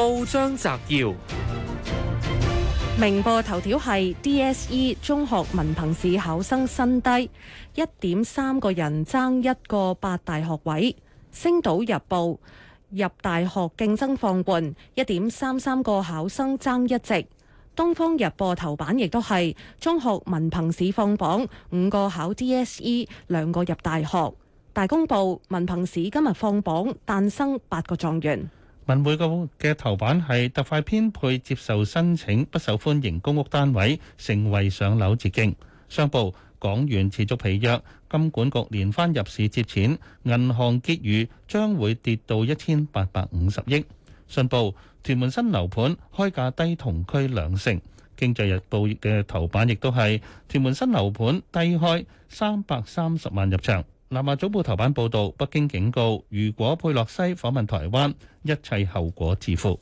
報章摘要：明報頭條係 DSE 中學文憑試考生新低，一點三個人爭一個八大學位。星島日報入大學競爭放寬，一點三三個考生爭一席。東方日報頭版亦都係中學文憑試放榜，五個考 DSE，兩個入大學。大公報文憑試今日放榜，誕生八個狀元。文匯報嘅頭版係特快編配，接受申請不受歡迎公屋單位，成為上樓捷徑。商報港元持續疲弱，金管局連番入市接錢，銀行結餘將會跌到一千八百五十億。信報屯門新樓盤開價低同區兩成。經濟日報嘅頭版亦都係屯門新樓盤低開三百三十萬入場。《南華早報》頭版報道，北京警告，如果佩洛西訪問台灣，一切後果自負。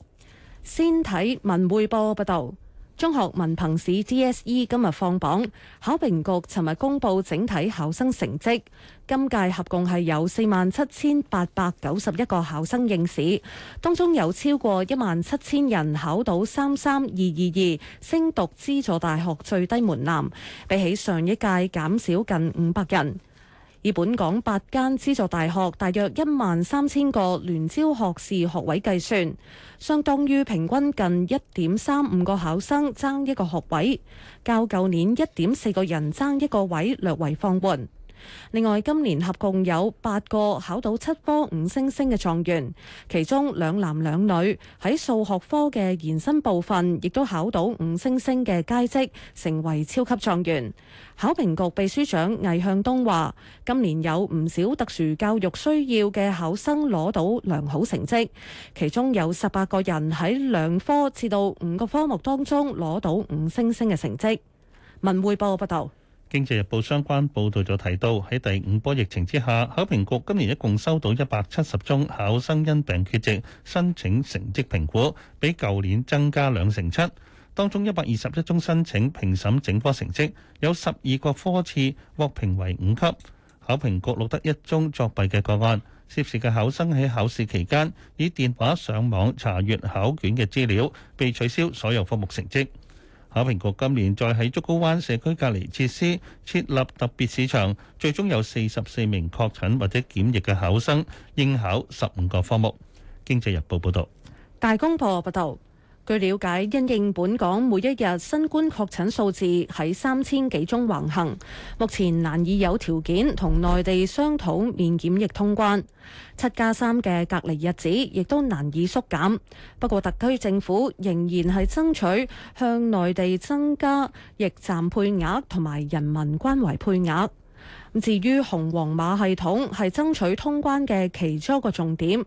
先睇文匯報報道，中學文憑試 DSE 今日放榜，考評局尋日公布整體考生成績，今屆合共係有四萬七千八百九十一個考生應試，當中有超過一萬七千人考到三三二二二，升讀資助大學最低門檻，比起上一屆減少近五百人。以本港八間資助大學大約一萬三千個聯招學士學位計算，相當於平均近一點三五個考生爭一個學位，較舊年一點四個人爭一個位略為放緩。另外，今年合共有八個考到七科五星星嘅狀元，其中兩男兩女喺數學科嘅延伸部分亦都考到五星星嘅佳績，成為超級狀元。考評局秘書長魏向東話，今年有唔少特殊教育需要嘅考生攞到良好成績，其中有十八個人喺兩科至到五個科目當中攞到五星星嘅成績。文匯報報道。經濟日報相關報導就提到，喺第五波疫情之下，考評局今年一共收到一百七十宗考生因病缺席申請成績評估，比舊年增加兩成七。當中一百二十一宗申請評審整科成績，有十二個科次獲評為五級。考評局錄得一宗作弊嘅個案，涉事嘅考生喺考試期間以電話上網查閱考卷嘅資料，被取消所有科目成績。考評局今年再喺竹篙灣社區隔離設施設立特別試場，最終有四十四名確診或者檢疫嘅考生應考十五個科目。經濟日報報道，大公報報道。據了解，因應本港每一日新冠確診數字喺三千幾宗橫行，目前難以有條件同內地商討免檢疫通關，七加三嘅隔離日子亦都難以縮減。不過，特區政府仍然係爭取向內地增加驛站配額同埋人民關懷配額。至於紅黃碼系統係爭取通關嘅其中一個重點，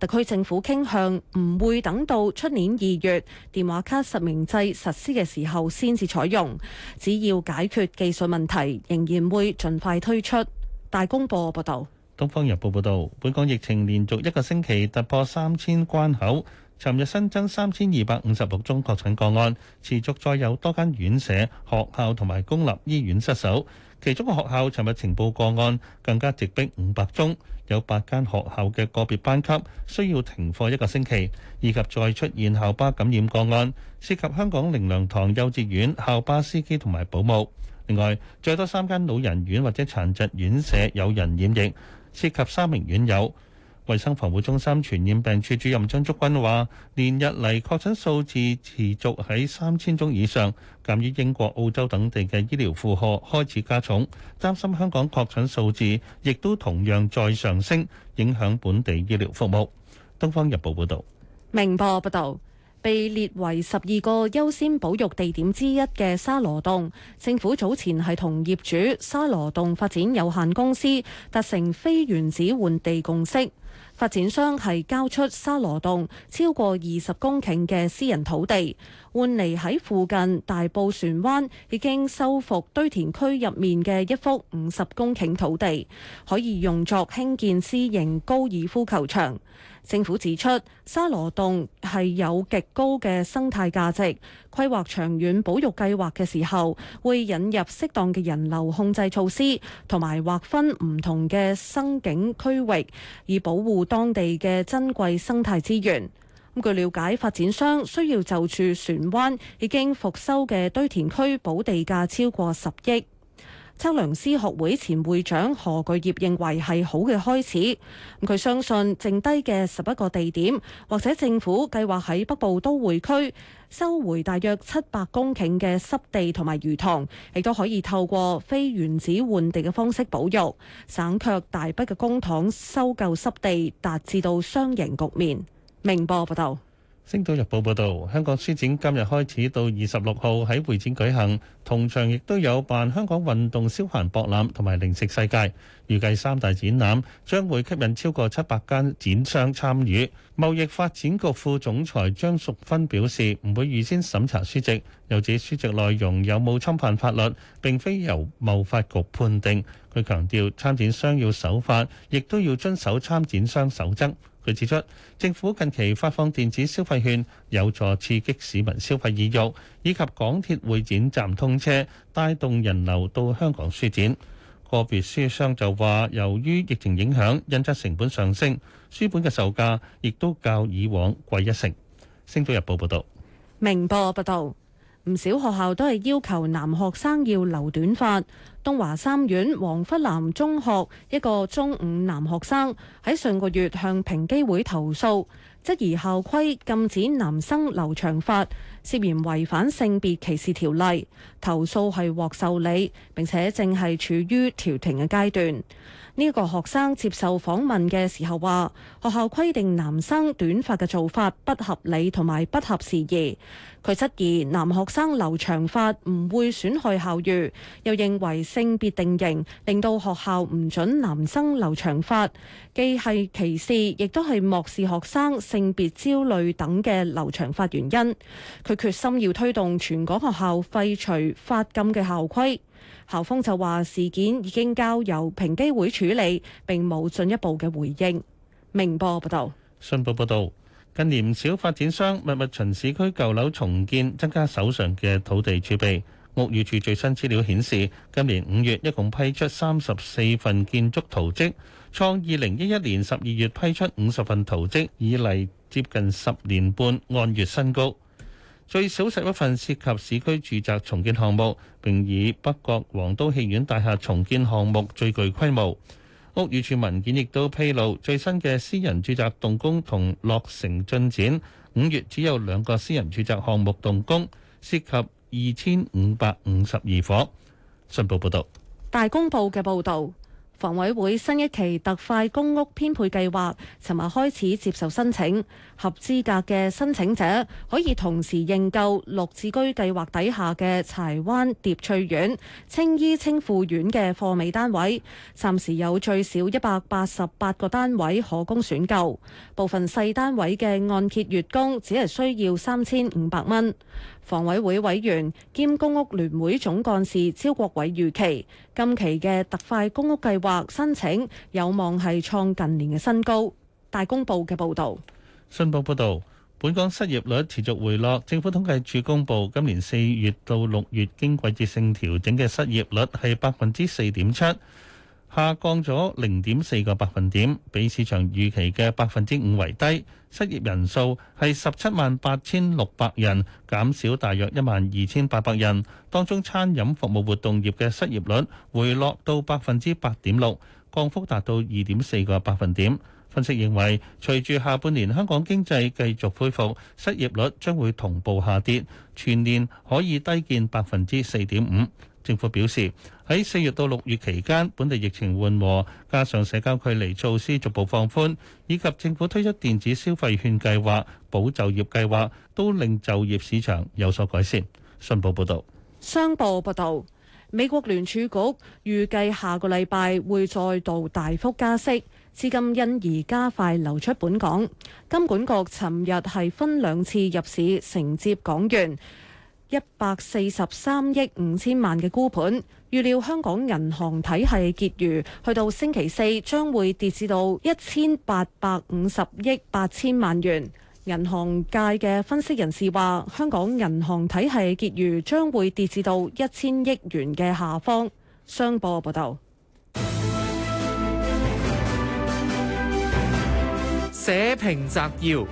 特區政府傾向唔會等到出年二月電話卡實名制實施嘅時候先至採用，只要解決技術問題，仍然會盡快推出。大公報報道。《東方日報》報道，本港疫情連續一個星期突破三千關口，尋日新增三千二百五十六宗確診個案，持續再有多間院舍、學校同埋公立醫院失守。其中嘅學校尋日呈報個案更加直逼五百宗，有八間學校嘅個別班級需要停課一個星期，以及再出現校巴感染個案，涉及香港靈糧堂幼稚園、校巴司機同埋保姆。另外，再多三間老人院或者殘疾院舍有人染疫，涉及三名院友。衛生防護中心傳染病處主任張竹君話：連日嚟確診數字持續喺三千宗以上，鑒於英國、澳洲等地嘅醫療負荷開始加重，擔心香港確診數字亦都同樣再上升，影響本地醫療服務。東方日報報道，明報報道，被列為十二個優先保育地點之一嘅沙羅洞，政府早前係同業主沙羅洞發展有限公司達成非原址換地共識。發展商係交出沙羅洞超過二十公頃嘅私人土地，換嚟喺附近大埔船灣已經修復堆填區入面嘅一幅五十公頃土地，可以用作興建私營高爾夫球場。政府指出，沙螺洞係有極高嘅生態價值。規劃長遠保育計劃嘅時候，會引入適當嘅人流控制措施，同埋劃分唔同嘅生境區域，以保護當地嘅珍貴生態資源。咁據瞭解，發展商需要就住船灣已經復修嘅堆填區補地價超過十億。測量師學會前會長何巨業認為係好嘅開始，佢相信剩低嘅十一個地點或者政府計劃喺北部都會區收回大約七百公頃嘅濕地同埋魚塘，亦都可以透過非原址換地嘅方式保育，省卻大筆嘅公帑收購濕地，達至到雙贏局面。明報，報道。《星島日報》報導，香港書展今日開始到二十六號喺會展舉行，同場亦都有辦香港運動消閒博覽同埋零食世界。預計三大展覽將會吸引超過七百間展商參與。貿易發展局副總裁張淑芬表示，唔會預先審查書籍，又指書籍內容有冇侵犯法律，並非由貿發局判定。佢強調，參展商要守法，亦都要遵守參展商守則。佢指出，政府近期發放電子消費券，有助刺激市民消費意欲，以及港鐵會展站通車帶動人流到香港書展。個別書商就話由於疫情影響印刷成本上升，書本嘅售價亦都較以往貴一成。星島日報報道。明報報道。唔少學校都係要求男學生要留短髮。東華三院黃笏南中學一個中五男學生喺上個月向平機會投訴。質疑校規禁止男生留長髮，涉嫌違反性別歧視條例。投訴係獲受理，並且正係處於調停嘅階段。呢個學生接受訪問嘅時候話：學校規定男生短髮嘅做法不合理同埋不合時宜。佢質疑男學生留長髮唔會損害校譽，又認為性別定型令到學校唔準男生留長髮。既係歧視，亦都係漠視學生性別焦慮等嘅留長髮原因。佢決心要推動全港學校廢除髮禁嘅校規。校方就話事件已經交由平機會處理，並冇進一步嘅回應。明報報道。信報報導，近年唔少發展商密密巡市區舊樓重建，增加手上嘅土地儲備。屋宇署最新資料顯示，今年五月一共批出三十四份建築圖則。創二零一一年十二月批出五十份圖則，以嚟接近十年半按月新高，最少十一份涉及市區住宅重建項目，並以北角皇都戲院大廈重建項目最具規模。屋宇署文件亦都披露最新嘅私人住宅動工同落成進展，五月只有兩個私人住宅項目動工，涉及二千五百五十二伙。信報報道，大公報嘅報道。房委會新一期特快公屋編配計劃尋日開始接受申請，合資格嘅申請者可以同時認購綠置居計劃底下嘅柴灣蝶翠苑、青衣青富苑嘅貨尾單位，暫時有最少一百八十八個單位可供選購。部分細單位嘅按揭月供只係需要三千五百蚊。房委會委員兼公屋聯會總幹事招國偉預期，今期嘅特快公屋計劃申請有望係創近年嘅新高。大公報嘅報道，信報報道，本港失業率持續回落，政府統計處公佈今年四月到六月經季節性調整嘅失業率係百分之四點七，下降咗零點四個百分點，比市場預期嘅百分之五為低。失業人數係十七萬八千六百人，減少大約一萬二千八百人。當中餐飲服務活動業嘅失業率回落到百分之八點六，降幅達到二點四個百分點。分析認為，隨住下半年香港經濟繼續恢復，失業率將會同步下跌，全年可以低見百分之四點五。政府表示，喺四月到六月期間，本地疫情緩和，加上社交距離措施逐步放寬，以及政府推出電子消費券計劃、保就業計劃，都令就業市場有所改善。信報報導，商報報道：美國聯儲局預計下個禮拜會再度大幅加息，資金因而加快流出本港。金管局尋日係分兩次入市承接港元。一百四十三億五千萬嘅沽盤，預料香港銀行體系結餘去到星期四將會跌至到一千八百五十億八千萬元。銀行界嘅分析人士話，香港銀行體系結餘將會跌至到一千億元嘅下方。商報報道，社評摘要。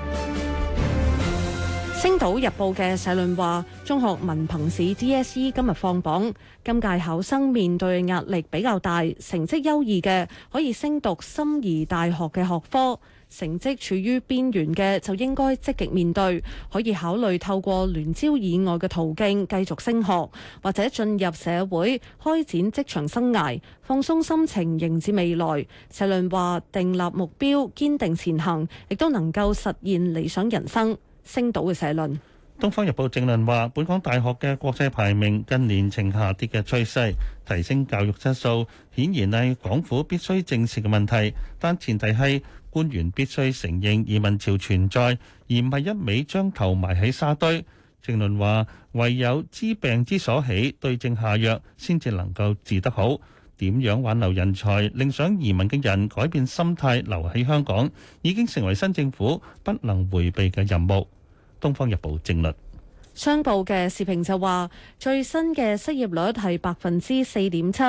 《星島日報》嘅社論話：中學文憑試 DSE 今日放榜，今屆考生面對壓力比較大，成績優異嘅可以升讀心儀大學嘅學科，成績處於邊緣嘅就應該積極面對，可以考慮透過聯招以外嘅途徑繼續升學，或者進入社會開展職場生涯，放鬆心情迎接未來。社論話：訂立目標，堅定前行，亦都能夠實現理想人生。星島嘅社論，《東方日報》正論話：本港大學嘅國際排名近年呈下跌嘅趨勢，提升教育質素顯然係港府必須正視嘅問題。但前提係官員必須承認移民潮存在，而唔係一味將頭埋喺沙堆。正論話：唯有知病之所起，對症下藥，先至能夠治得好。點樣挽留人才，令想移民嘅人改變心態留喺香港，已經成為新政府不能迴避嘅任務。《東方日報》正論，商報嘅視頻就話，最新嘅失業率係百分之四點七，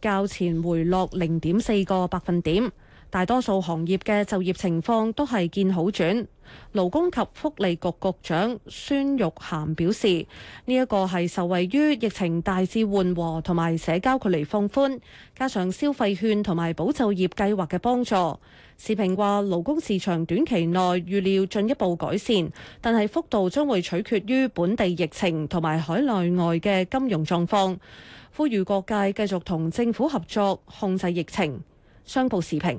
較前回落零點四個百分點。大多數行業嘅就業情況都係見好轉。勞工及福利局局長孫玉菡表示，呢、這、一個係受惠於疫情大致緩和同埋社交距離放寬，加上消費券同埋保就業計劃嘅幫助。時評話，勞工市場短期內預料進一步改善，但係幅度將會取決於本地疫情同埋海內外嘅金融狀況。呼籲各界繼續同政府合作控制疫情。商報時評。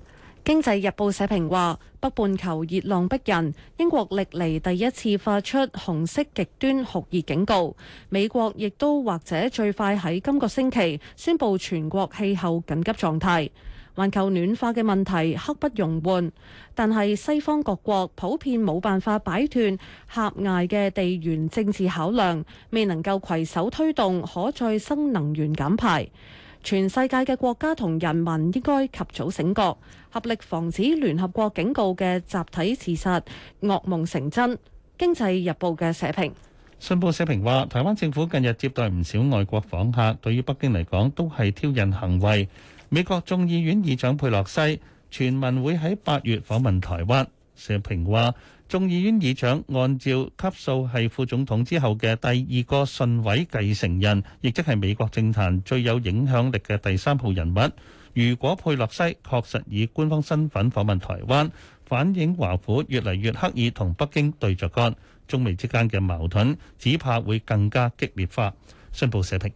《經濟日報》社評話：北半球熱浪逼人，英國歷嚟第一次發出紅色極端酷熱警告。美國亦都或者最快喺今個星期宣布全國氣候緊急狀態。環球暖化嘅問題刻不容緩，但係西方各國普遍冇辦法擺脫狹隘嘅地緣政治考量，未能夠攜手推動可再生能源減排。全世界嘅國家同人民應該及早醒覺，合力防止聯合國警告嘅集體自殺惡夢成真。經濟日報嘅社評。信報社評話，台灣政府近日接待唔少外國訪客，對於北京嚟講都係挑釁行為。美國眾議院議長佩洛西傳聞會喺八月訪問台灣。社評話：眾議院議長按照級數係副總統之後嘅第二個順位繼承人，亦即係美國政壇最有影響力嘅第三號人物。如果佩洛西確實以官方身份訪問台灣，反映華府越嚟越刻意同北京對着幹，中美之間嘅矛盾只怕會更加激烈化。新報社評。